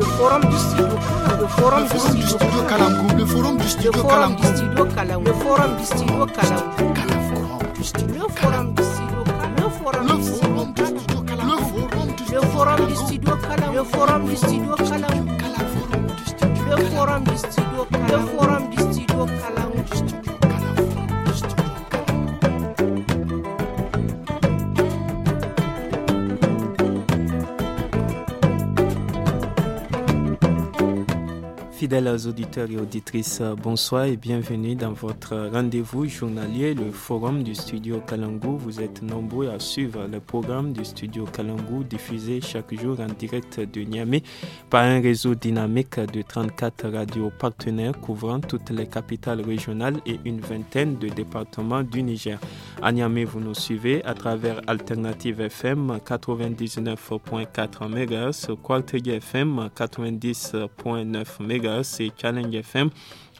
le forum du studio le forum du studio le forum du studio le forum du studio le forum du studio le forum du studio le forum du studio le forum du studio le forum du studio forum du les auditeurs et auditrices, euh, bonsoir et bienvenue dans votre rendez-vous journalier, le forum du studio Kalangou. Vous êtes nombreux à suivre le programme du studio Kalangou diffusé chaque jour en direct de Niamey par un réseau dynamique de 34 radios partenaires couvrant toutes les capitales régionales et une vingtaine de départements du Niger. À Niamey, vous nous suivez à travers Alternative FM 99.4 MHz, Quartier FM 90.9 MHz c'est Challenge FM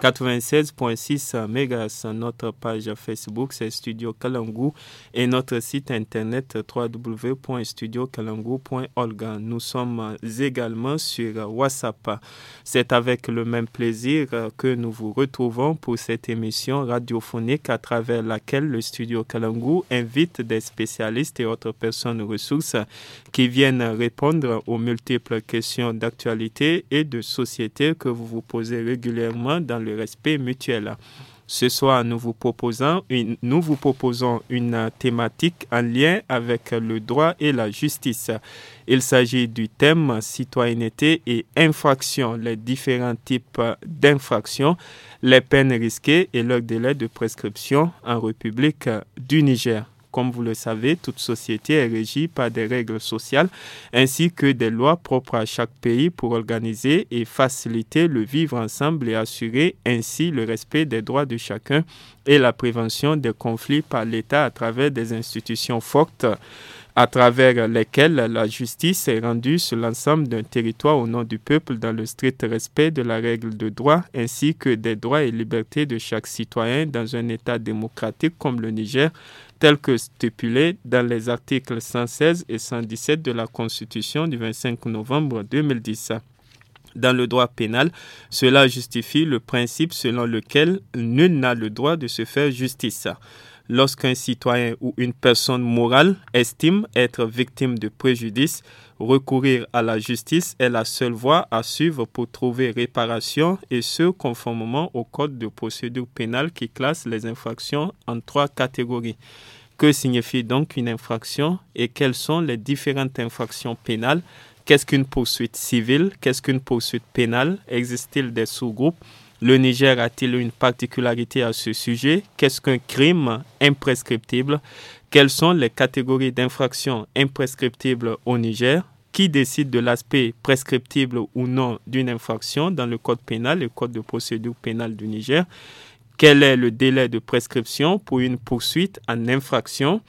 96.6 Mégas. notre page Facebook, c'est Studio Kalangu et notre site internet www.studiokalangu.org. Nous sommes également sur WhatsApp. C'est avec le même plaisir que nous vous retrouvons pour cette émission radiophonique à travers laquelle le Studio Kalangu invite des spécialistes et autres personnes ressources qui viennent répondre aux multiples questions d'actualité et de société que vous vous posez régulièrement dans le respect mutuel. Ce soir, nous vous proposons une, thématique en lien avec le droit et la justice. Il s'agit du thème citoyenneté et infraction, les différents types d'infractions, les peines risquées et leur délai de prescription en République du Niger. Comme vous le savez, toute société est régie par des règles sociales ainsi que des lois propres à chaque pays pour organiser et faciliter le vivre ensemble et assurer ainsi le respect des droits de chacun et la prévention des conflits par l'État à travers des institutions fortes à travers lesquelles la justice est rendue sur l'ensemble d'un territoire au nom du peuple dans le strict respect de la règle de droit ainsi que des droits et libertés de chaque citoyen dans un État démocratique comme le Niger, tel que stipulé dans les articles 116 et 117 de la Constitution du 25 novembre 2010. Dans le droit pénal, cela justifie le principe selon lequel nul n'a le droit de se faire justice lorsqu'un citoyen ou une personne morale estime être victime de préjudice, recourir à la justice est la seule voie à suivre pour trouver réparation et ce conformément au Code de procédure pénale qui classe les infractions en trois catégories. Que signifie donc une infraction et quelles sont les différentes infractions pénales Qu'est-ce qu'une poursuite civile Qu'est-ce qu'une poursuite pénale Existe-t-il des sous-groupes le Niger a-t-il une particularité à ce sujet Qu'est-ce qu'un crime imprescriptible Quelles sont les catégories d'infractions imprescriptibles au Niger qui décide de l'aspect prescriptible ou non d'une infraction dans le code pénal, le code de procédure pénale du Niger, quel est le délai de prescription pour une poursuite en infraction,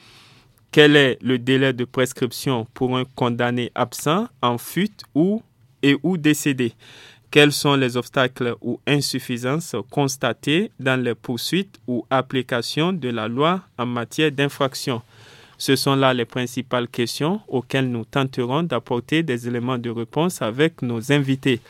quel est le délai de prescription pour un condamné absent, en fuite ou et ou décédé. Quels sont les obstacles ou insuffisances constatées dans les poursuites ou applications de la loi en matière d'infraction Ce sont là les principales questions auxquelles nous tenterons d'apporter des éléments de réponse avec nos invités.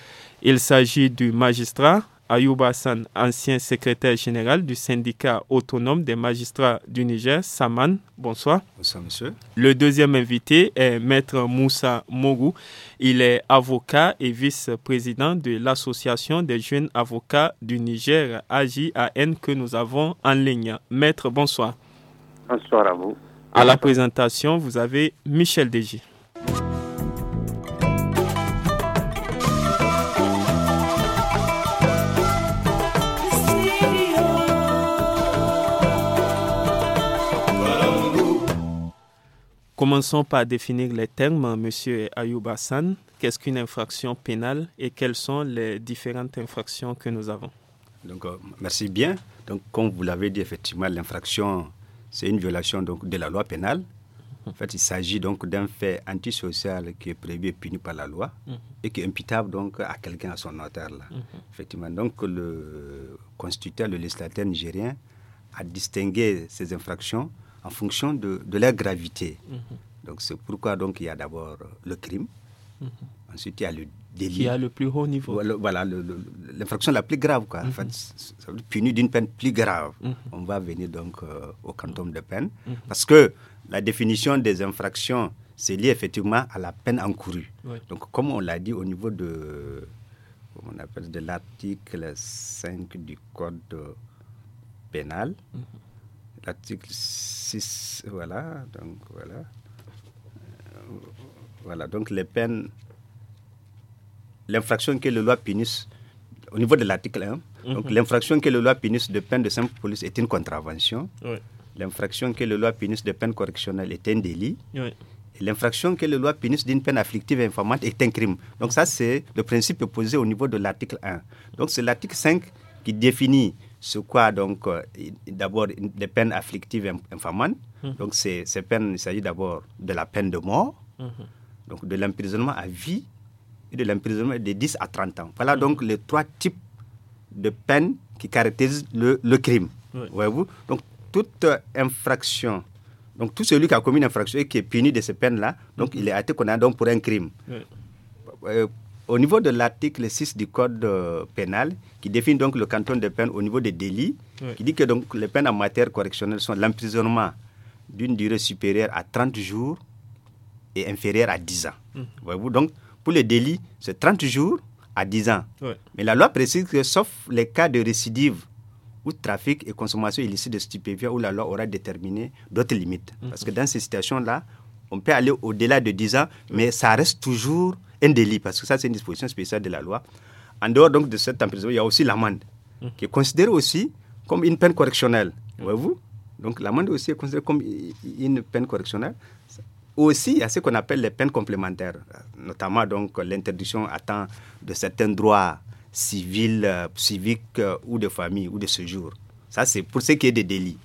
Il s'agit du magistrat Ayouba San, ancien secrétaire général du syndicat autonome des magistrats du Niger, Saman. Bonsoir. Bonsoir, monsieur. Le deuxième invité est Maître Moussa Mogou. Il est avocat et vice-président de l'Association des jeunes avocats du Niger, AJAN, que nous avons en ligne. Maître, bonsoir. Bonsoir à vous. À la présentation, vous avez Michel Deji. Commençons par définir les termes, Monsieur Ayoub Hassan. Qu'est-ce qu'une infraction pénale et quelles sont les différentes infractions que nous avons Donc, euh, merci bien. Donc, comme vous l'avez dit, effectivement, l'infraction, c'est une violation donc, de la loi pénale. En fait, il s'agit donc d'un fait antisocial qui est prévu et puni par la loi mhm. et qui est imputable donc à quelqu'un à son notaire. Là. Mhm. Effectivement, donc le constituteur, le législateur nigérien a distingué ces infractions en fonction de, de leur gravité. Mhm. Donc c'est pourquoi donc il y a d'abord euh, le crime, mhm. ensuite il y a le délit. Qui a le plus haut niveau. Voilà, l'infraction la plus grave, quoi. En mhm. fait, ça veut d'une peine plus grave. On va venir donc euh, au canton de peine. Parce que la définition des infractions, c'est lié effectivement à la peine encourue. Donc comme on l'a dit au niveau de, appelle, de l'article 5 du code euh, pénal, l'article 6, voilà, donc voilà. Euh, voilà, donc les peines, l'infraction que la loi punissent, au niveau de l'article 1, donc mhm. l'infraction que la loi punisse de peine de simple police est une contravention. L'infraction que la loi punisse de peine correctionnelle est un délit. L'infraction que la loi punissent d'une peine afflictive et informante est un crime. Donc ça, c'est le principe posé au niveau de l'article 1. Donc c'est l'article 5 qui définit ce quoi donc euh, d'abord des peines afflictives infamantes. Mhm. Donc ces, peines, il s'agit d'abord de la peine de mort, mhm. donc de l'emprisonnement à vie et de l'emprisonnement de 10 à 30 ans. Voilà donc mhm. les trois types de peines qui caractérisent le, crime. Voyez-vous Donc toute euh, infraction, donc tout celui qui a commis une infraction et qui est puni de ces peines-là, donc il est atteint qu'on donc pour un crime. Euh, au niveau de l'article 6 du Code euh, pénal, qui définit donc le canton de peine au niveau des délits, qui dit que donc les peines en matière correctionnelle sont l'emprisonnement d'une durée supérieure à 30 jours et inférieure à 10 ans. Mhm. Voyez-vous Donc, pour les délits, c'est 30 jours à 10 ans. Mais la loi précise que, sauf les cas de récidive ou trafic et consommation illicite de stupéfiants, où la loi aura déterminé d'autres limites. Parce que mhm. dans ces situations-là, on peut aller au-delà de 10 ans, mais ça reste toujours un délit, parce que ça, c'est une disposition spéciale de la loi. En dehors donc de cette emprisonnement, il y a aussi l'amende, mhm. qui est considérée aussi comme une peine correctionnelle. Voyez-vous Donc l'amende aussi est considérée comme une peine correctionnelle. Aussi, il y a ce qu'on appelle les peines complémentaires, notamment donc l'interdiction à temps de certains droits civils, euh, civiques euh, ou de famille ou de séjour. Ça, c'est pour ce qui est des délits.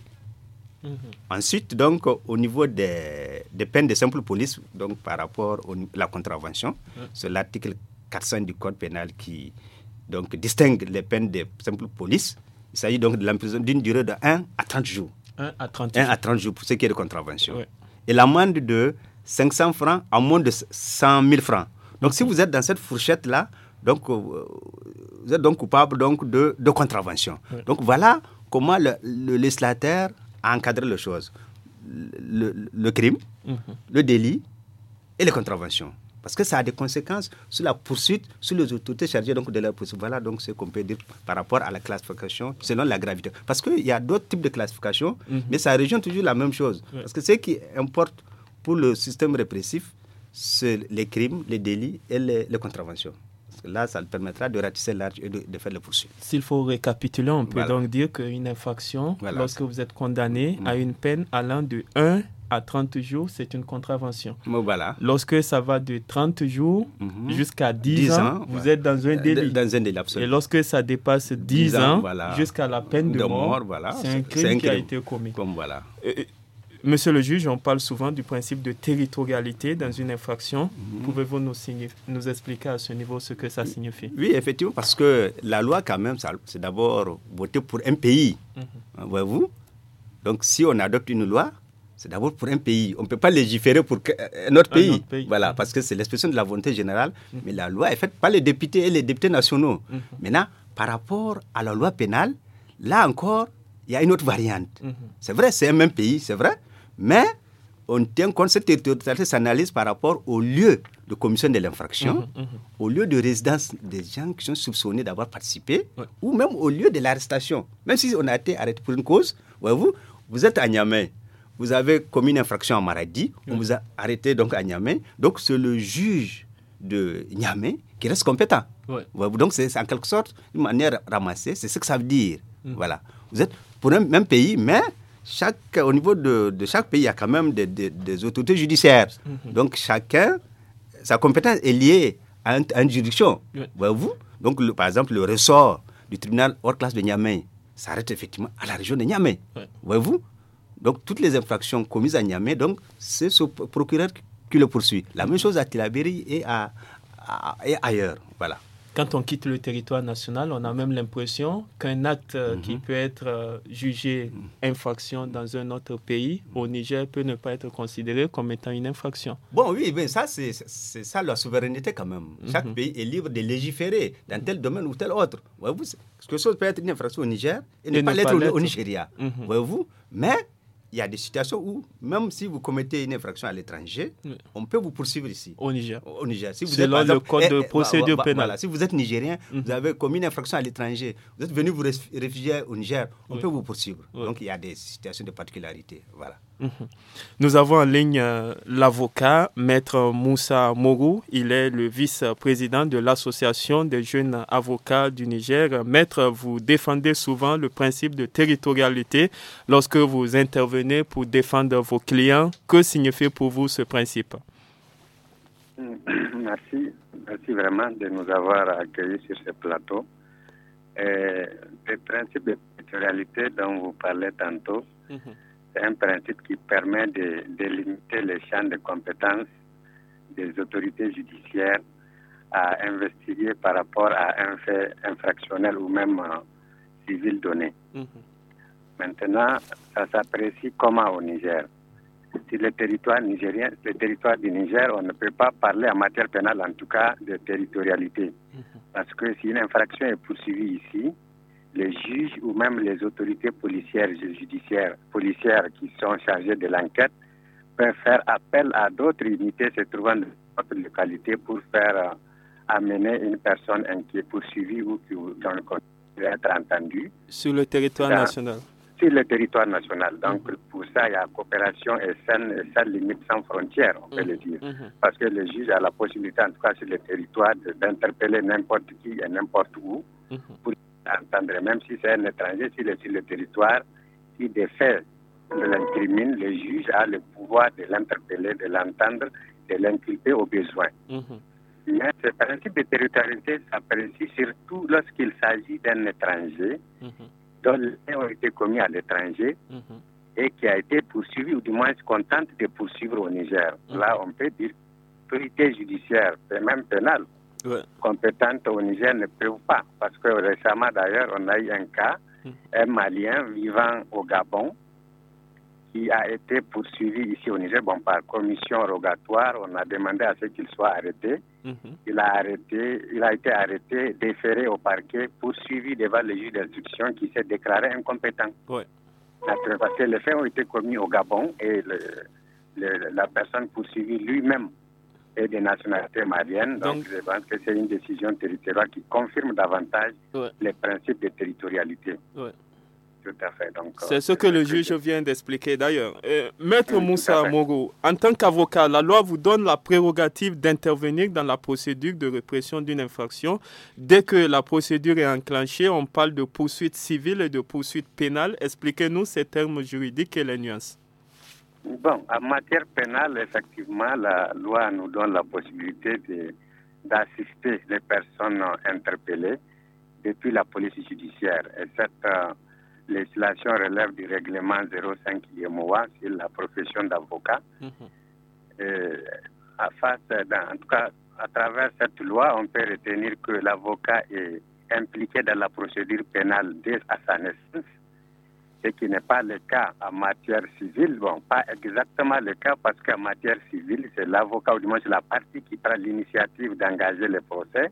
Mhm. Ensuite, donc, au niveau des, peines de simple police, donc par rapport à la contravention, mhm. c'est l'article 400 du Code pénal qui donc, distingue les peines de simple police. Il s'agit donc d'une durée de 1 à 30 jours. 1 à 30 jours. à jours pour ce qui est de contravention. Et l'amende de 500 francs à moins de 100 000 francs. Donc, si mhm. vous êtes dans cette fourchette-là, donc, euh, vous êtes donc coupable donc, de, contravention. Donc, voilà comment le législateur encadrer les choses. Le, crime, mhm. le délit et les contraventions. Parce que ça a des conséquences sur la poursuite, sur les autorités chargées donc, de la poursuite. Voilà donc ce qu'on peut dire par rapport à la classification selon la gravité. Parce qu'il y a d'autres types de classification, mhm. mais ça rejoint toujours la même chose. Parce que ce qui importe pour le système répressif, c'est les crimes, les délits et les contraventions là, ça permettra de ratisser l'arche et de, faire le poursuivre. S'il faut récapituler, on peut donc dire qu'une infraction, lorsque vous êtes condamné mm. à une peine allant de 1 à 30 jours, c'est une contravention. Voilà. Lorsque ça va de 30 jours mm-hmm. jusqu'à 10, ans, vous êtes dans un délit. Dans un Et lorsque ça dépasse 10, ans, voilà. jusqu'à la peine de, mort, voilà. c'est un, crime qui a été commis. Comme voilà. Monsieur le juge, on parle souvent du principe de territorialité dans une infraction. Mhm. Pouvez-vous nous, nous, expliquer à ce niveau ce que ça signifie Oui, effectivement, parce que la loi, quand même, c'est d'abord voter pour un pays. Mhm. Hein, voyez-vous Donc, si on adopte une loi, c'est d'abord pour un pays. On ne peut pas légiférer pour euh, un autre pays. Voilà, parce que c'est l'expression de la volonté générale. Mhm. Mais la loi est faite par les députés et les députés nationaux. Maintenant, par rapport à la loi pénale, là encore, il y a une autre variante. C'est vrai, c'est un même pays, c'est vrai. Mais on tient compte, cette territorialité s'analyse par rapport au lieu de commission de l'infraction, mhm, mhm. au lieu de résidence des gens qui sont soupçonnés d'avoir participé, ou même au lieu de l'arrestation. Même si on a été arrêté pour une cause, voyez-vous, vous êtes à Niamey, vous avez commis une infraction à Maradi, on vous a arrêté donc à Niamey, donc c'est le juge de Niamey qui reste compétent. donc c'est en quelque sorte une manière ramassée, c'est ce que ça veut dire. Mm. Voilà. Vous êtes pour un même pays, mais au niveau de, chaque pays, il y a quand même des, autorités judiciaires. Mhm. Donc chacun, sa compétence est liée à, une juridiction. Voyez-vous Donc par exemple, le ressort du tribunal hors classe de Niamey s'arrête effectivement à la région de Niamey. Voyez-vous Donc toutes les infractions commises à Niamey, c'est ce procureur qui le poursuit. La même chose à Tilaberi et, et ailleurs. Voilà quand on quitte le territoire national, on a même l'impression qu'un acte euh, qui mhm. peut être euh, jugé mhm. infraction dans un autre pays, au Niger, peut ne pas être considéré comme étant une infraction. Bon, oui, mais ça, c'est ça la souveraineté quand même. Mhm. Chaque pays est libre de légiférer dans tel domaine ou tel autre. Voyez-vous, quelque chose peut être une infraction au Niger et, ne pas l'être au, Nigeria. Voyez-vous, mais il y a des situations où, même si vous commettez une infraction à l'étranger, on peut vous poursuivre ici. Au Niger. Au Niger. Si vous Selon êtes, le code eh, de eh, procédure pénale. si vous êtes nigérien, mm. vous avez commis une infraction à l'étranger, vous êtes venu vous réfugier au Niger, on peut vous poursuivre. Donc il y a des situations de particularité. Voilà. Mhm. Nous avons en ligne euh, l'avocat Maître Moussa Mogou. Il est le vice-président de l'Association des jeunes avocats du Niger. Maître, vous défendez souvent le principe de territorialité lorsque vous intervenez pour défendre vos clients. Que signifie pour vous ce principe mm. Merci. Merci vraiment de nous avoir accueillis sur ce plateau. Euh, le principe de territorialité dont vous parlez tantôt. Mhm c'est un principe qui permet de, délimiter les champs de compétences des autorités judiciaires à investiguer par rapport à un fait infractionnel ou même civil donné. Mhm. Maintenant, ça s'apprécie comment au Niger Si le territoire nigérien, le territoire du Niger, on ne peut pas parler en matière pénale, en tout cas, de territorialité. Mhm. Parce que si une infraction est poursuivie ici, les juges ou même les autorités policières, et judiciaires, policières qui sont chargées de l'enquête peuvent faire appel à d'autres unités se trouvant dans d'autres localités pour faire euh, amener une personne qui est poursuivie ou qui dans le être entendue. Sur le territoire national Sur le territoire national. Donc, pour ça, il y a coopération et saine, limite sans frontières, on peut le mhm, dire. Mhm. Parce que le juge a la possibilité, en tout cas sur le territoire, d'interpeller n'importe qui et n'importe où mhm entendre, même si c'est un étranger, s'il est sur le territoire, si des faits de l'incrimine, le juge a le pouvoir de l'interpeller, de l'entendre, de l'inculper au besoin. Mhm. Mais ce principe de territorialité s'apprécie surtout lorsqu'il s'agit d'un étranger mhm. dont les faits ont été commis à l'étranger mhm. et qui a été poursuivi ou du moins contente de poursuivre au Niger. Là, on peut dire autorité judiciaire, et même pénale compétente au Niger ne peuvent pas. Parce que récemment, d'ailleurs, on a eu un cas, mm-hmm. un Malien vivant au Gabon, qui a été poursuivi ici au Niger bon, par commission rogatoire. On a demandé à ce qu'il soit arrêté. Mm-hmm. Il, a arrêté. il a été arrêté, déféré au parquet, poursuivi devant le juge d'instruction qui s'est déclaré incompétent. Parce que les faits ont été commis au Gabon et la personne poursuivie lui-même et des nationalités maliennes. Donc, je pense que c'est une décision territoriale qui confirme davantage les principes de territorialité. Ouais. Euh, c'est ce que le juge vient d'expliquer d'ailleurs. Euh, Maître Moussa Mogo, en tant qu'avocat, la loi vous donne la prérogative d'intervenir dans la procédure de répression d'une infraction. Dès que la procédure est enclenchée, on parle de poursuite civile et de poursuite pénale. Expliquez-nous ces termes juridiques et les nuances. Bon, en matière pénale, effectivement, la loi nous donne la possibilité d'assister les personnes interpellées depuis la police judiciaire. Et cette euh, législation relève du règlement 05 IMOA sur la profession d'avocat. Mhm. Euh, en tout cas, à travers cette loi, on peut retenir que l'avocat est impliqué dans la procédure pénale dès à sa naissance ce qui n'est pas le cas en matière civile. Bon, pas exactement le cas parce qu'en matière civile, c'est l'avocat ou du moins c'est la partie qui prend l'initiative d'engager le procès.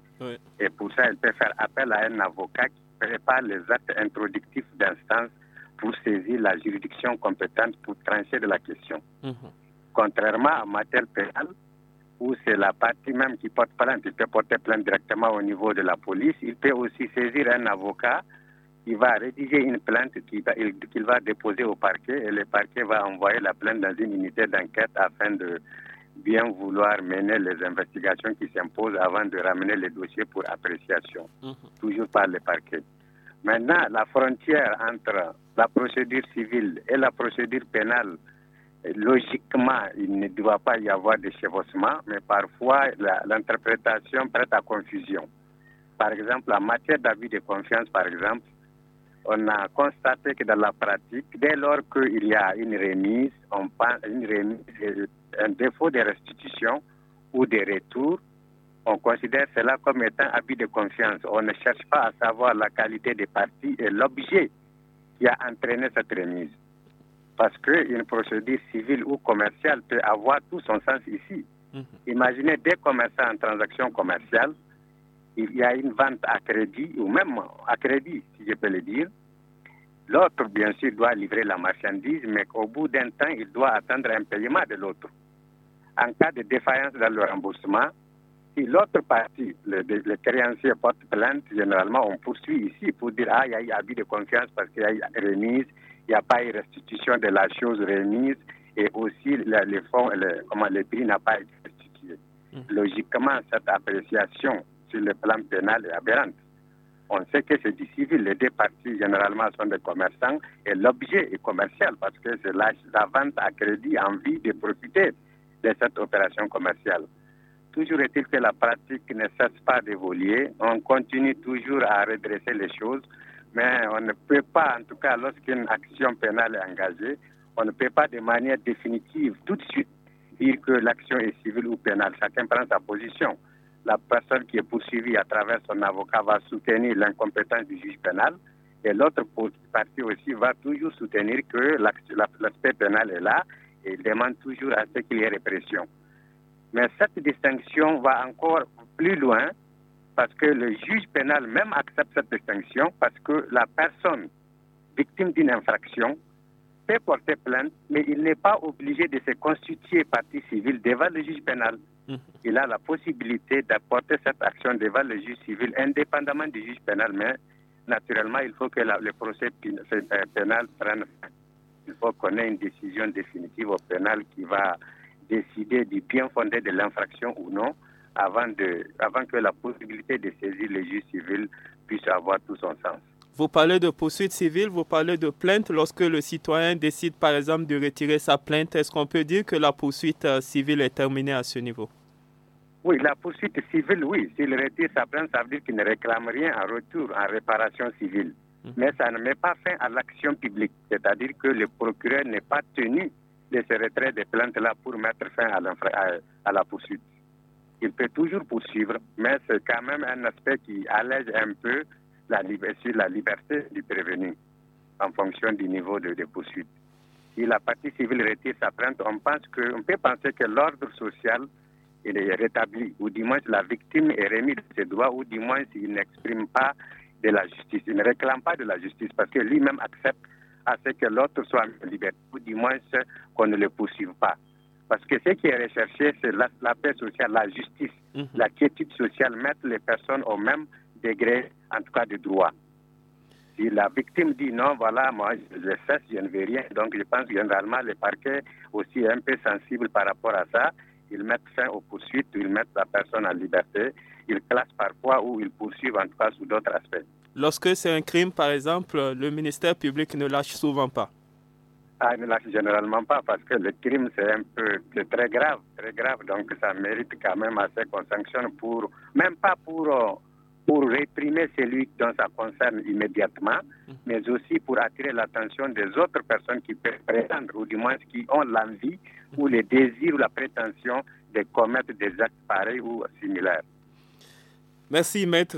Et pour ça, elle peut faire appel à un avocat qui prépare les actes introductifs d'instance pour saisir la juridiction compétente pour trancher de la question. Mhm. Contrairement à matière pénale, où c'est la partie même qui porte plainte, il peut porter plainte directement au niveau de la police, il peut aussi saisir un avocat il va rédiger une plainte qu'il va, déposer au parquet et le parquet va envoyer la plainte dans une unité d'enquête afin de bien vouloir mener les investigations qui s'imposent avant de ramener les dossiers pour appréciation, mmh. toujours par le parquet. Maintenant, la frontière entre la procédure civile et la procédure pénale, logiquement, il ne doit pas y avoir de chevauchement, mais parfois l'interprétation prête à confusion. Par exemple, en matière d'avis de confiance, par exemple, on a constaté que dans la pratique, dès lors qu'il y a une remise, on euh, un défaut de restitution ou de retour, on considère cela comme étant habit de confiance. On ne cherche pas à savoir la qualité des parties et l'objet qui a entraîné cette remise. Parce qu'une procédure civile ou commerciale peut avoir tout son sens ici. Mhm. Imaginez des commerçants en transaction commerciale il y a une vente à crédit, ou même à crédit, si je peux le dire. L'autre, bien sûr, doit livrer la marchandise, mais au bout d'un temps, il doit attendre un paiement de l'autre. En cas de défaillance dans le remboursement, si l'autre partie, le, créancier porte plainte, généralement, on poursuit ici pour dire, ah, il y a eu abus de confiance parce qu'il y a eu remise, il n'y a pas eu restitution de la chose remise, et aussi le, fonds, comment, le prix n'a pas été restitué. Mmh. Logiquement, cette appréciation sur le plan pénal et aberrant. On sait que c'est du civil. Les deux parties, généralement, sont des commerçants et l'objet est commercial parce que c'est la, vente à crédit en de profiter de cette opération commerciale. Toujours est-il que la pratique ne cesse pas d'évoluer. On continue toujours à redresser les choses, mais on ne peut pas, en tout cas, lorsqu'une action pénale est engagée, on ne peut pas de manière définitive, tout de suite, dire que l'action est civile ou pénale. Chacun prend sa position la personne qui est poursuivie à travers son avocat va soutenir l'incompétence du juge pénal et l'autre partie aussi va toujours soutenir que l'aspect pénal est là et demande toujours à ce qu'il y ait répression. Mais cette distinction va encore plus loin parce que le juge pénal même accepte cette distinction parce que la personne victime d'une infraction peut porter plainte, mais il n'est pas obligé de se constituer partie civile devant le juge pénal. Il a la possibilité d'apporter cette action devant le juge civil, indépendamment du juge pénal, mais naturellement, il faut que le procès euh, pénal prenne Il faut qu'on ait une décision définitive au pénal qui va décider du bien fondé de l'infraction ou non avant, de, avant que la possibilité de saisir le juge civil puisse avoir tout son sens. Vous parlez de poursuite civile, vous parlez de plainte. Lorsque le citoyen décide, par exemple, de retirer sa plainte, est-ce qu'on peut dire que la poursuite euh, civile est terminée à ce niveau oui, la poursuite civile, oui. S'il retire sa plainte, ça veut dire qu'il ne réclame rien en retour, en réparation civile. Hum. Mais ça ne met pas fin à l'action publique, c'est-à-dire que le procureur n'est pas tenu de se retrait des plaintes-là pour mettre fin à, la poursuite. Il peut toujours poursuivre, mais c'est quand même un aspect qui allège un peu la, la liberté du prévenu en fonction du niveau de, poursuite. Si la partie civile retire sa plainte, on, pense on peut penser que l'ordre social il est rétabli, ou du moins la victime est remise de ses droits, ou du moins il n'exprime pas de la justice, il ne réclame pas de la justice parce que lui-même accepte à ce que l'autre soit libéré, ou du moins qu'on ne le poursuive pas. Parce que ce qui est recherché, c'est la, paix sociale, la justice, mhm. la quiétude sociale, mettre les personnes au même degré, en tout cas de droit. Si la victime dit non, voilà, moi je cesse, je ne veux rien, donc je pense que généralement le parquet aussi est un peu sensible par rapport à ça ils mettent fin aux poursuites, ils mettent la personne en liberté, ils classent parfois ou ils poursuivent en tout cas sous d'autres aspects. Lorsque c'est un crime, par exemple, le ministère public ne lâche souvent pas. Ah, il ne lâche généralement pas parce que le crime, c'est un peu c'est très grave, très grave. Donc, ça mérite quand même assez qu'on sanctionne pour, même pas pour, euh, pour réprimer celui dont ça concerne immédiatement, mm. mais aussi pour attirer l'attention des autres personnes qui peuvent prétendre, ou du moins qui ont l'envie ou le désir ou la prétention de commettre des actes pareils ou similaires. Merci, maître.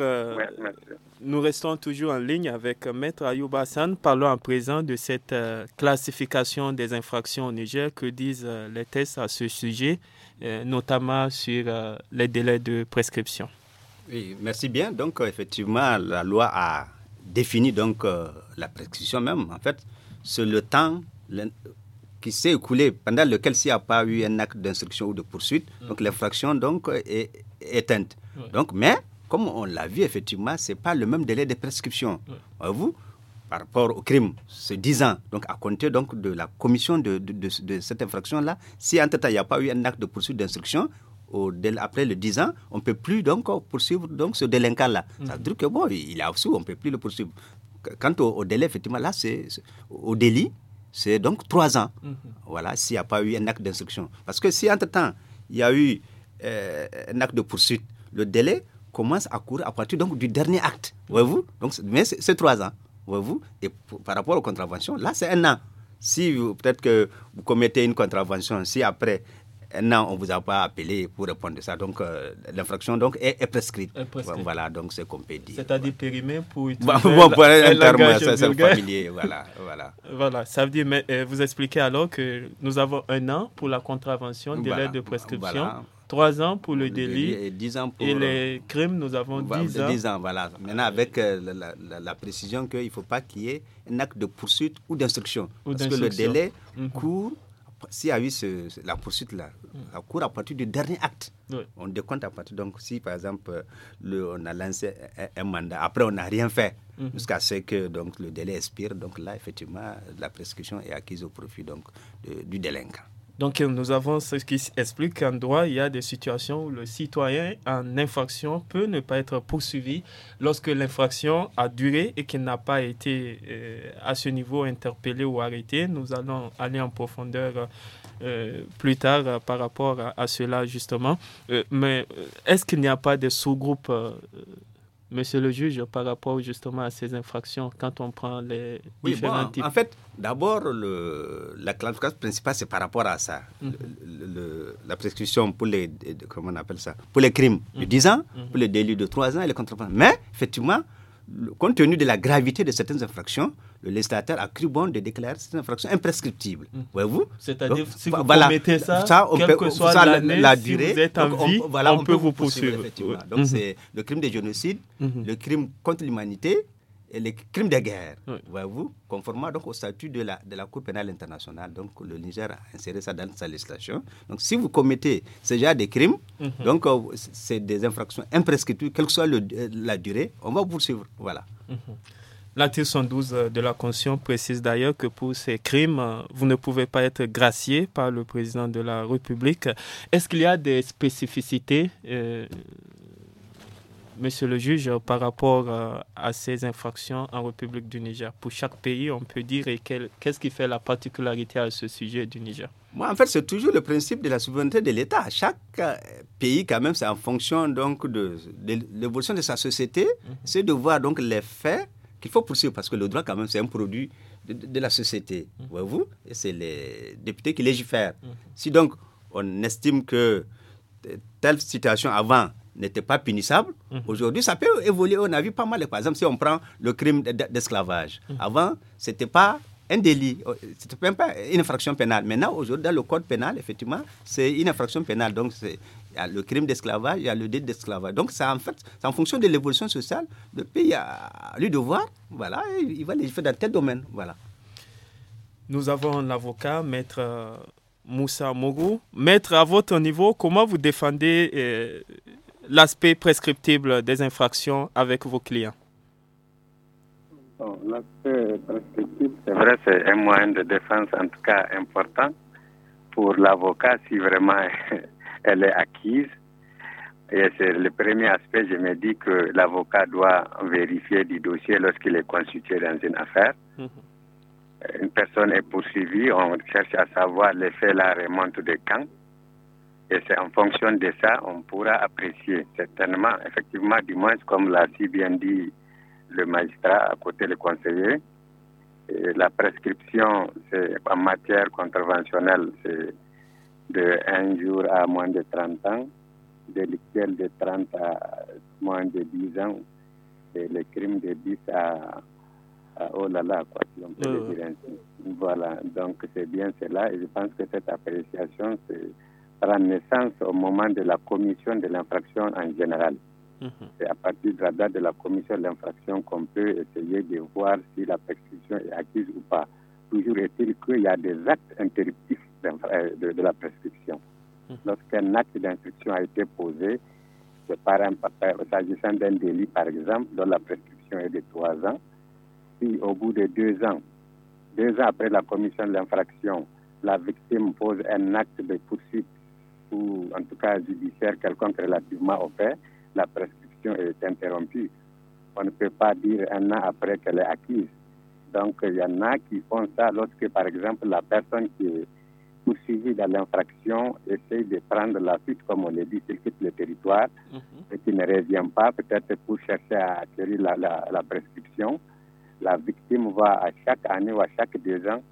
Nous restons toujours en ligne avec maître Ayouba Hassan. Parlons à présent de cette euh, classification des infractions au Niger. Que disent euh, les tests à ce sujet, euh, notamment sur les délais de prescription Oui, merci bien. Donc, effectivement, la loi a défini donc la prescription même. En fait, c'est le temps s'est écoulé, pendant lequel s'il n'y a pas eu un acte d'instruction ou de poursuite, mm. donc l'infraction donc est éteinte. Donc, mais comme on l'a vu effectivement, c'est pas le même délai de prescription. Vous, par rapport au crime, c'est 10 ans. Donc, à compter donc de la commission de, de, cette infraction-là, si en tête il n'y a pas eu un acte de poursuite d'instruction, après le 10 ans, on ne peut plus donc poursuivre donc ce délinquant-là. Mm. Ça veut dire que bon, il est absous, on ne peut plus le poursuivre. Quant au délai, effectivement, là, c'est au délit, c'est donc trois ans. Mhm. Voilà, s'il n'y a pas eu un acte d'instruction. Parce que si entre-temps, il y a eu euh, un acte de poursuite, le délai commence à courir à partir donc du dernier acte. Voyez-vous Donc, mais c'est trois ans. Voyez-vous Et par rapport aux contraventions, là, c'est un an. Si peut-être que vous commettez une contravention, si après non, on ne vous a pas appelé pour répondre à ça. Donc, euh, l'infraction donc, est, prescrite. Voilà, donc c'est qu'on peut dire. C'est-à-dire périmé pour utiliser bon, un, familier. Voilà, voilà. ça veut dire, mais euh, vous expliquez alors que nous avons un an pour la contravention, délai de prescription. trois ans pour le, délit, et, ans pour et les crimes, nous avons dix ans. ans voilà. Maintenant, avec euh, la, précision qu'il ne faut pas qu'il y ait un acte de poursuite ou d'instruction. Parce que le délai mhm. court s'il y a eu la poursuite là, mm. la cour à partir du dernier acte, on décompte à partir. Donc, si par exemple, on a lancé un, mandat, après on n'a rien fait mm-hmm. jusqu'à ce que donc, le délai expire, donc là, effectivement, la prescription est acquise au profit donc, du délinquant. Donc euh, nous avons ce qui explique qu'en droit, il y a des situations où le citoyen en infraction peut ne pas être poursuivi lorsque l'infraction a duré et qu'il n'a pas été euh, à ce niveau interpellé ou arrêté. Nous allons aller en profondeur euh, plus tard par rapport à, cela justement. mais est-ce qu'il n'y a pas de sous-groupes monsieur le juge, par rapport justement à ces infractions, quand on prend les oui, différents En fait, d'abord, la clause principale, c'est par rapport à ça. Mm. la prescription pour les, comment on appelle ça, pour les crimes de 10 mm. ans, mm. pour les délits de 3 ans et les contrebandes. Mais, effectivement, compte tenu de la gravité de certaines infractions, le législateur a cru bon de déclarer cette infraction imprescriptible. Hmm. Voyez-vous C'est-à-dire, si vous commettez ça, quelle que soit la, durée, vous on, peut, vous poursuivre. Hmm. Donc, hmm. c'est le crime de génocide, le crime contre l'humanité et les crimes de guerre, voyez-vous, conformément donc au statut de la, de la Cour pénale internationale. Donc le Niger a inséré ça dans sa législation. Donc si vous commettez ce genre de crimes, donc euh, c'est des infractions imprescriptibles, quelle que soit euh, la durée, on va vous poursuivre. Voilà. L'article 112 euh, de la Constitution précise d'ailleurs que pour ces crimes, euh, vous ne pouvez pas être gracié par le président de la République. Est-ce qu'il y a des spécificités, euh, monsieur le juge, par rapport à ces infractions en République du Niger Pour chaque pays, on peut dire, et qu'est-ce qui fait la particularité à ce sujet du Niger Moi, en fait, c'est toujours le principe de la souveraineté de l'État. Chaque pays, quand même, c'est en fonction donc, de, l'évolution de sa société, mhm. c'est de voir donc les faits qu'il faut poursuivre parce que le droit, quand même, c'est un produit de, la société. Mm. Voyez-vous C'est les députés qui légifèrent. Mm. Si donc on estime que telle situation avant n'était pas punissable, mm. aujourd'hui, ça peut évoluer. On a vu pas mal. Par exemple, si on prend le crime d'esclavage, avant, c'était pas un délit, oh, c'était même pas une infraction pénale. Maintenant, aujourd'hui, dans le code pénal, effectivement, c'est une infraction pénale. Donc, c'est... Il y a le crime d'esclavage, il y a le dé d'esclavage. Donc, ça, en fait, c'est en fonction de l'évolution sociale, le pays a lui devoir. voilà, il va les faire dans tel domaine, voilà. Nous avons l'avocat, maître euh, Moussa Mogou. Maître, à votre niveau, comment vous défendez euh, l'aspect prescriptible des infractions avec vos clients L'aspect prescriptible, c'est vrai, c'est un moyen de défense en tout cas important pour l'avocat si vraiment elle est acquise. Et c'est le premier aspect, je me dis que l'avocat doit vérifier du dossier lorsqu'il est constitué dans une affaire. Mhm. Une personne est poursuivie, on cherche à savoir les faits, la remonte des quand. Et c'est en fonction de ça, on pourra apprécier certainement, effectivement, du moins, comme l'a si bien dit le magistrat à côté le conseiller, la prescription en matière contraventionnelle, c'est de un jour à moins de 30 ans, de délictuels de 30 à moins de 10 ans, et les crimes de 10 à, oh là là, quoi, si on peut dire ainsi. Voilà, donc c'est bien cela, et je pense que cette appréciation prend naissance au moment de la commission de l'infraction en général. Mhm. C'est à partir de la date de la commission de l'infraction qu'on peut essayer de voir si la persécution est acquise ou pas. Toujours est-il qu'il y a des actes interruptifs euh, de, la prescription. Hum. Lorsqu'un acte d'infraction a été posé par un euh, s'agissant d'un délit, par exemple, dont la prescription est de trois ans, si au bout de deux ans, deux ans après la commission de l'infraction, la victime pose un acte de poursuite ou en tout cas judiciaire quelconque relativement au fait, la prescription est interrompue. On ne peut pas dire un an après qu'elle est acquise. Donc il y en a qui font ça lorsque, par exemple, la personne qui est poursuivi dans l'infraction essaye de prendre la fuite, comme on le dit, sur tout le territoire, mhm. et qui ne revient pas, peut-être pour chercher à acquérir la, prescription. La victime va à chaque année ou à chaque deux ans,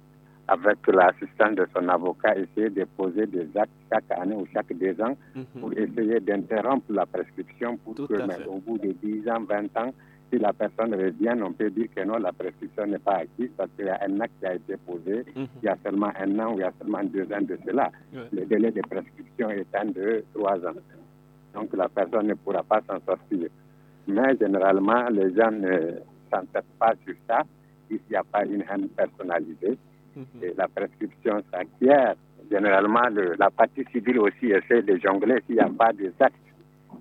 avec l'assistance de son avocat, essayer de poser des actes chaque année ou chaque deux ans mhm. pour essayer d'interrompre la prescription pour que, au bout de 10 ans, 20 ans, si la personne revient, on peut dire que non, la prescription n'est pas acquise parce qu'il y a un acte qui a été posé mhm. il y a seulement un an ou il y a seulement deux ans de cela. Le délai de prescription est un de trois ans. Donc la personne ne pourra pas s'en sortir. Mais généralement, les gens ne s'entêtent pas sur ça s'il n'y a pas une haine personnalisée. Mhm. la prescription s'acquiert. Généralement, la partie civile aussi essaie de jongler s'il n'y a pas des actes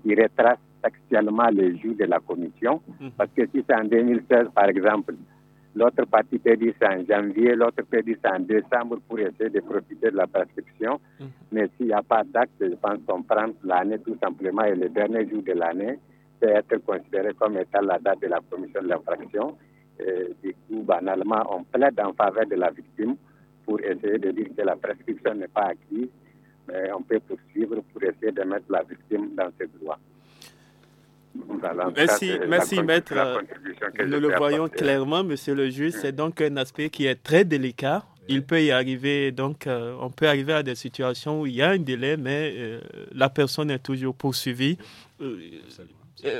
qui retracent actuellement le jour de la commission, mhm. parce que si c'est en 2016, par exemple, l'autre partie peut dire en janvier, l'autre peut dire en décembre pour essayer de profiter de la prescription, mhm. mais s'il n'y a pas d'acte, je pense qu'on prend l'année tout simplement et le dernier jour de l'année peut être considéré comme étant la date de la commission de l'infraction. Du coup, banalement, on plaide en faveur de la victime pour essayer de dire que la prescription n'est pas acquise, mais on peut poursuivre pour essayer de mettre la victime dans ses droits merci, maître. Nous le voyons clairement, monsieur le juge, c'est donc un aspect qui est très délicat. Il peut y arriver, donc euh, on peut arriver à des situations où il y a un délai, mais euh, la personne est toujours poursuivie. Euh,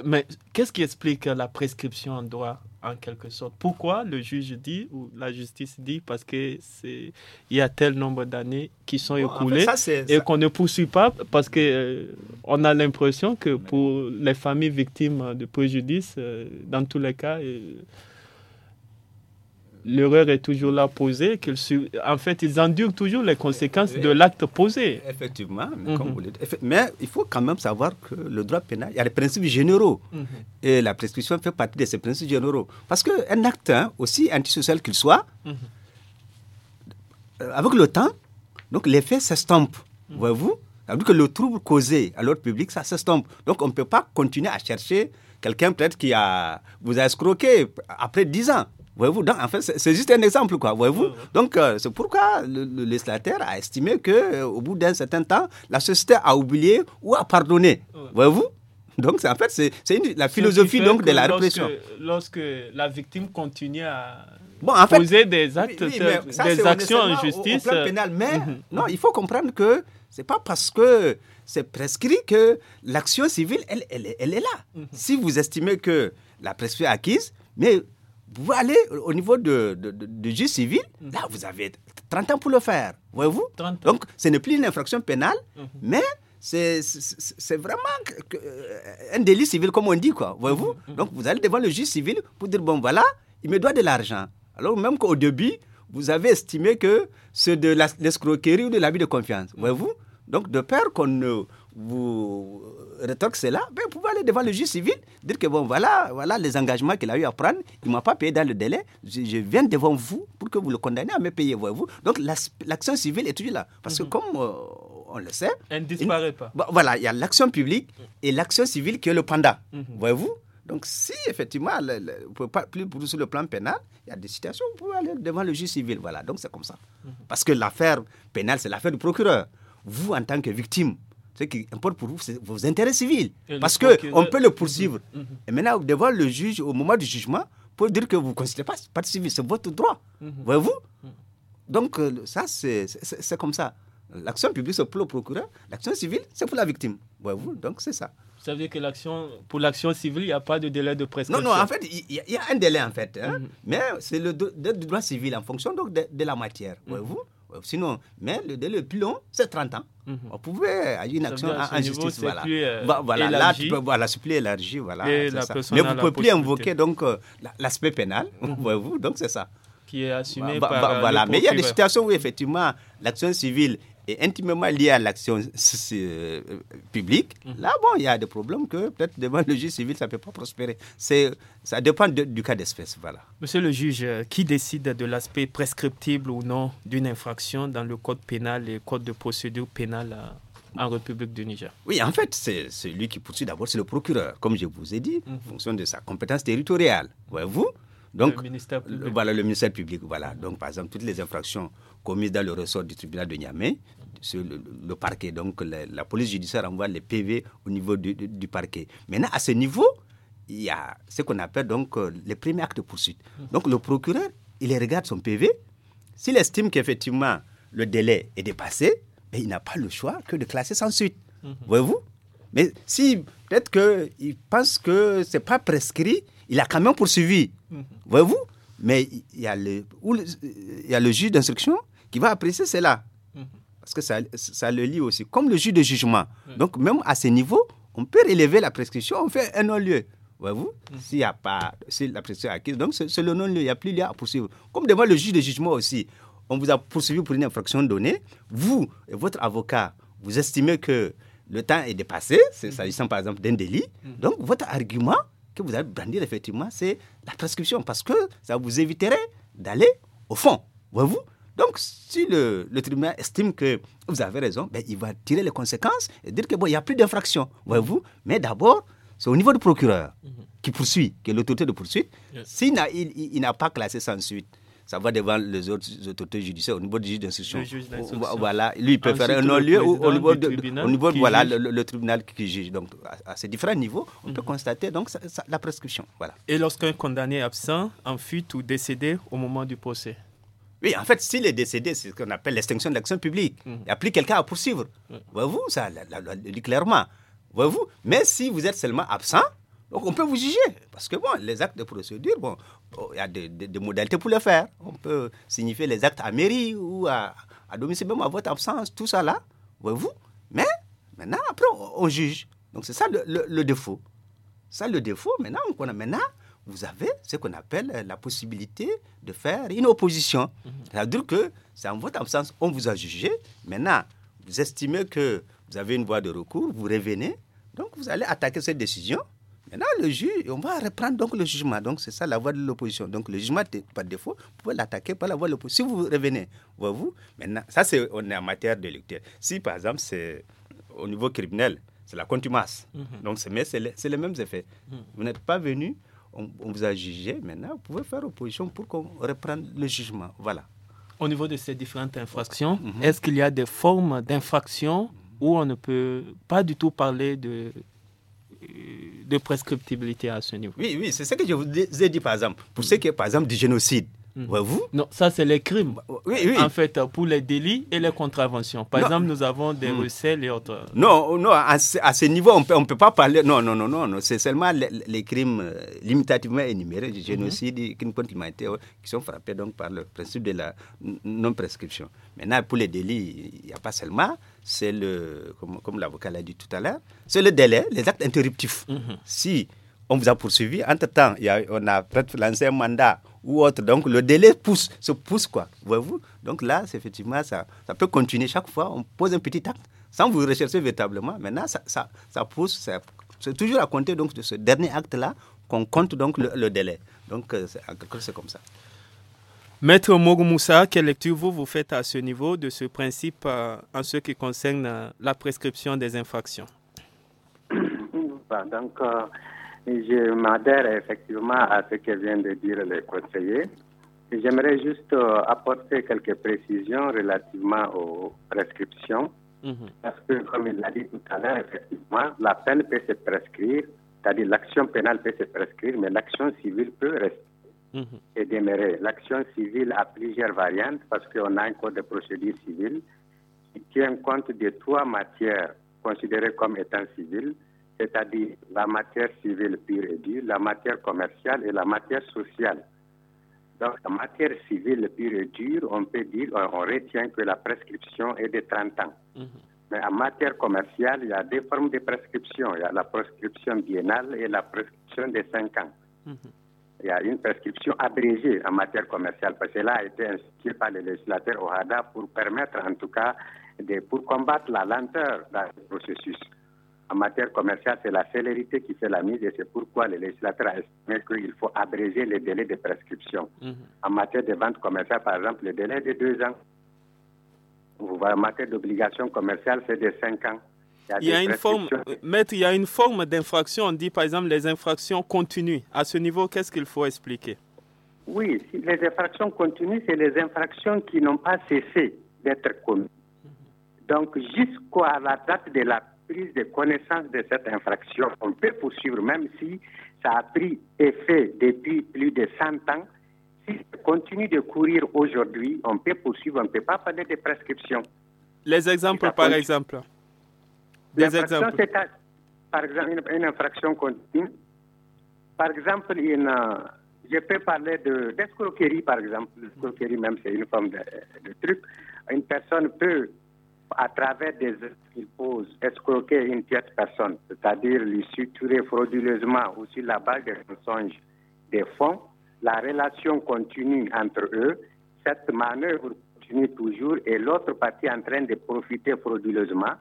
mais qu'est-ce qui explique la prescription en droit en quelque sorte. Pourquoi le juge dit ou la justice dit parce que c'est il y a tel nombre d'années qui sont écoulées et qu'on ne poursuit pas parce que euh, on a l'impression que pour les familles victimes de préjudice, euh, dans tous les cas. Euh, l'erreur est toujours là posée. En fait, ils endurent toujours les conséquences de eh, l'acte posé. Effectivement, mais, comme mhm. vous dites, mais, il faut quand même savoir que le droit pénal, il y a des principes généraux. Mhm. Et la prescription fait partie de ces principes généraux. Parce qu'un acte, hein, aussi antisocial qu'il soit, mhm. euh, avec le temps, donc l'effet s'estompe. Voyez-vous ça veut que le trouble causé à l'ordre public, ça s'estompe. Donc on ne peut pas continuer à chercher quelqu'un peut-être qui a, vous a escroqué après 10 ans. Voyez-vous, donc c'est juste un exemple, quoi. Voyez-vous, donc euh, c'est pourquoi le, législateur a estimé que euh, au bout d'un certain temps, la société a oublié ou a pardonné. Voyez-vous. Donc, en fait, c'est la philosophie donc, de la répression. Lorsque, la victime continue à bon, poser des, actes, des actions en justice. Euh, mais mhm. non, il faut comprendre que ce n'est pas parce que c'est prescrit que l'action civile, elle, elle, est là. Mhm. Si vous estimez que la prescription acquise, mais vous allez au niveau de, de, juge civil, mhm. là, vous avez 30 ans pour le faire. Voyez-vous Donc, ce n'est plus une infraction pénale, mhm. mais c'est vraiment euh, un délit civil, comme on dit, quoi. Voyez-vous mhm. Donc, vous allez devant le juge civil pour dire bon, voilà, il me doit de l'argent. Alors, même qu'au début, vous avez estimé que c'est de l'escroquerie ou de l'abus de confiance. Voyez-vous Donc, de peur qu'on ne vous euh, rétorque cela vous pouvez aller devant le juge civil, dire que bon, voilà, voilà les engagements qu'il a eu à prendre, il ne m'a pas payé dans le délai, je, viens devant vous pour que vous le condamniez à me payer, voyez-vous. Donc l'action civile est toujours là. Parce que mhm. comme euh, on le sait. Elle ne disparaît pas. voilà, il y a l'action publique et l'action civile qui est le panda, mhm. voyez-vous. Donc, si effectivement, vous ne pas, plus pour, sur le plan pénal, il y a des situations où vous pouvez aller devant le juge civil. Voilà, donc c'est comme ça. Mhm. Parce que l'affaire pénale, c'est l'affaire du procureur. Vous, en tant que victime, ce qui importe pour vous, c'est vos intérêts civils. parce qu'on on peut le poursuivre. Mm-hmm. Mm-hmm. Et maintenant, devant le juge, au moment du jugement, pour dire que vous ne considérez pas partie civil. c'est votre droit. Mm-hmm. Voyez-vous Donc, euh, ça, c'est comme ça. L'action publique, c'est pour le procureur. L'action civile, c'est pour la victime. Voyez-vous Donc, c'est ça. Vous savez que pour l'action civile, il n'y a pas de délai de prescription. Non, non, en fait, il y, a un délai, en fait. Hein. Mais c'est le, droit civil en fonction donc, de, la matière. Voyez-vous euh, sinon, mais le délai le plus long, c'est 30 ans. Mhm. On pouvait une action en, justice. voilà. Euh, voilà là, tu peux, voilà, c'est plus élargi. Voilà, Mais vous ne pouvez plus invoquer donc, euh, l'aspect pénal, mhm. voyez-vous, donc c'est ça. Qui est assumé par. voilà, mais il y a des situations où effectivement l'action civile et intimement lié à l'action euh, publique, mhm. là, bon, il y a des problèmes que peut-être devant le juge civil, ça ne peut pas prospérer. Ça dépend du cas d'espèce. Voilà. Monsieur le juge, euh, qui décide de l'aspect prescriptible ou non d'une infraction dans le code pénal et code de procédure pénale euh, en République du Niger Oui, en fait, c'est celui qui poursuit d'abord, c'est le procureur, comme je vous ai dit, mhm. en fonction de sa compétence territoriale. Voyez-vous donc, le ministère public. voilà, le ministère public, voilà. Donc, par exemple, toutes les infractions commise dans le ressort du tribunal de Niamey, sur le, parquet. Donc la, police judiciaire envoie les PV au niveau du, parquet. Maintenant, à ce niveau, il y a ce qu'on appelle donc euh, les premiers actes de poursuite. Donc le procureur, il regarde son PV. S'il estime qu'effectivement le délai est dépassé, il n'a pas le choix que de classer sans suite. Mhm. Voyez-vous Mais si peut-être qu'il pense que ce n'est pas prescrit, il a quand même poursuivi. Mhm. Voyez-vous Mais il y, a le, il y a le juge d'instruction qui va apprécier cela. Mhm. Parce que ça, ça, le lie aussi, comme le juge de jugement. Donc, même à ce niveau, on peut élever la prescription, on fait un non-lieu. Voyez-vous mhm. S'il n'y a pas, si la prescription est acquise, donc c'est le non-lieu, il n'y a plus lieu à poursuivre. Comme devant le juge de jugement aussi, on vous a poursuivi pour une infraction donnée, vous et votre avocat, vous estimez que le temps est dépassé, mhm. s'agissant par exemple d'un délit, donc votre argument que vous allez brandir effectivement, c'est la prescription, parce que ça vous éviterait d'aller au fond. Voyez-vous donc, si le, tribunal estime que vous avez raison, ben, il va tirer les conséquences et dire que bon, il n'y a plus d'infraction, voyez-vous. Mais d'abord, c'est au niveau du procureur mhm. qui poursuit, qui est l'autorité de poursuite. S'il n'a pas classé sans suite, ça va devant les autres autorités judiciaires, au niveau du juge d'instruction. Voilà, lui, il peut faire un non-lieu au niveau, au voilà, le, tribunal qui juge. Donc, à, ces différents niveaux, on peut mhm. constater donc, la prescription. Et lorsqu'un condamné est absent, en fuite ou décédé au moment du procès oui, en fait, s'il est décédé, c'est ce qu'on appelle l'extinction de l'action publique. Mhm. Il n'y a plus quelqu'un à poursuivre. Voyez-vous, ça la, le dit clairement. Voyez-vous, mais si vous êtes seulement absent, donc on peut vous juger. Parce que bon, les actes de procédure, bon, il y a des modalités pour le faire. On peut signifier les actes à mairie ou à, à domicile, même à votre absence, tout ça là. Voyez-vous, mais maintenant, après, on, juge. Donc c'est ça le, le, défaut. Ça, le défaut, maintenant, qu'on a maintenant vous avez ce qu'on appelle euh, la possibilité de faire une opposition. Mhm. C'est-à-dire que c'est en votre absence, on vous a jugé. Maintenant, vous estimez que vous avez une voie de recours, vous revenez. Donc, vous allez attaquer cette décision. Maintenant, le juge, on va reprendre donc le jugement. Donc, c'est ça la voie de l'opposition. Donc, le jugement par défaut, vous pouvez l'attaquer par la voie de l'opposition. Si vous revenez, voyez-vous, maintenant, ça, c'est, on est en matière de lecture. Si, par exemple, c'est au niveau criminel, c'est la contumace. Mhm. Donc, c'est, mais c'est, les mêmes effets. Mhm. Vous n'êtes pas venu on, vous a jugé, maintenant vous pouvez faire opposition pour qu'on reprenne le jugement. Voilà. Au niveau de ces différentes infractions, mhm. est-ce qu'il y a des formes d'infraction mhm. où on ne peut pas du tout parler de, euh, de prescriptibilité à ce niveau Oui, oui c'est ce que je vous ai dit par exemple. Pour ce qui est par exemple du génocide, Mhm. vous Non, ça c'est les crimes. Bah, oui, oui. En fait, pour les délits et les contraventions. Par exemple, nous avons des hmm. recels et autres. Non, non, à, ce, niveau, on peut, ne on peut pas parler. Non, non, non, non, non. c'est seulement les, crimes euh, limitativement énumérés, génocide, les mhm. crimes contre l'humanité, qui sont frappés donc par le principe de la non-prescription. Maintenant, pour les délits, il n'y a pas seulement c'est le, comme, l'avocat l'a dit tout à l'heure, c'est le délai, les actes interruptifs. Mhm. Si on vous a poursuivi. Entre-temps, on a peut-être lancé un mandat ou autre. Donc, le délai pousse, se pousse, quoi. Voyez-vous Donc là, effectivement, ça, ça peut continuer. Chaque fois, on pose un petit acte sans vous rechercher véritablement. Maintenant, ça, ça, pousse. c'est toujours à compter donc, de ce dernier acte-là qu'on compte donc le, délai. Donc, euh, c'est comme ça. Maître Moussa, quelle lecture vous, vous faites à ce niveau de ce principe euh, en ce qui concerne euh, la prescription des infractions bah, Donc, je m'adhère effectivement à ce que vient de dire le conseiller. J'aimerais juste euh, apporter quelques précisions relativement aux prescriptions. Mhm. Parce que, comme il l'a dit tout à l'heure, effectivement, la peine peut se prescrire, c'est-à-dire l'action pénale peut se prescrire, mais l'action civile peut rester mhm. et démarrer. L'action civile a plusieurs variantes parce qu'on a un code de procédure civile qui tient compte de trois matières considérées comme étant civiles c'est-à-dire la matière civile pure et dure, la matière commerciale et la matière sociale. Donc, la matière civile pure et dure, on peut dire, on, retient que la prescription est de 30 ans. Mhm. Mais en matière commerciale, il y a deux formes de prescription. Il y a la prescription biennale et la prescription de 5 ans. Mhm. Il y a une prescription abrégée en matière commerciale, parce que cela a été institué par le législateur OHADA pour permettre, en tout cas, de, pour combattre la lenteur dans le processus. En matière commerciale, c'est la célérité qui fait la mise et c'est pourquoi les législateurs estiment qu'il faut abréger les délais de prescription. Mhm. En matière de vente commerciale, par exemple, le délai est de deux ans. en matière d'obligation commerciale, c'est de cinq ans. Il y a, une forme, euh, maître, il y a une forme d'infraction. On dit par exemple les infractions continues. À ce niveau, qu'est-ce qu'il faut expliquer Oui, les infractions continues, c'est les infractions qui n'ont pas cessé d'être commises. Mhm. Donc, jusqu'à la date de la prise de connaissance de cette infraction, on peut poursuivre même si ça a pris effet depuis plus de 100 ans. Si ça continue de courir aujourd'hui, on peut poursuivre, on ne peut pas parler de prescription. Les exemples, par exemple. Des exemples. par exemple, une, infraction continue. Par exemple, euh, je peux parler d'escroquerie, par exemple. L'escroquerie, même, c'est une forme de truc. Une personne peut à travers des qu'ils qu'il escroquer une tierce personne, c'est-à-dire lui suturer frauduleusement ou sur la base des mensonges des fonds, la relation continue entre eux, cette manœuvre continue toujours et l'autre partie est en train de profiter frauduleusement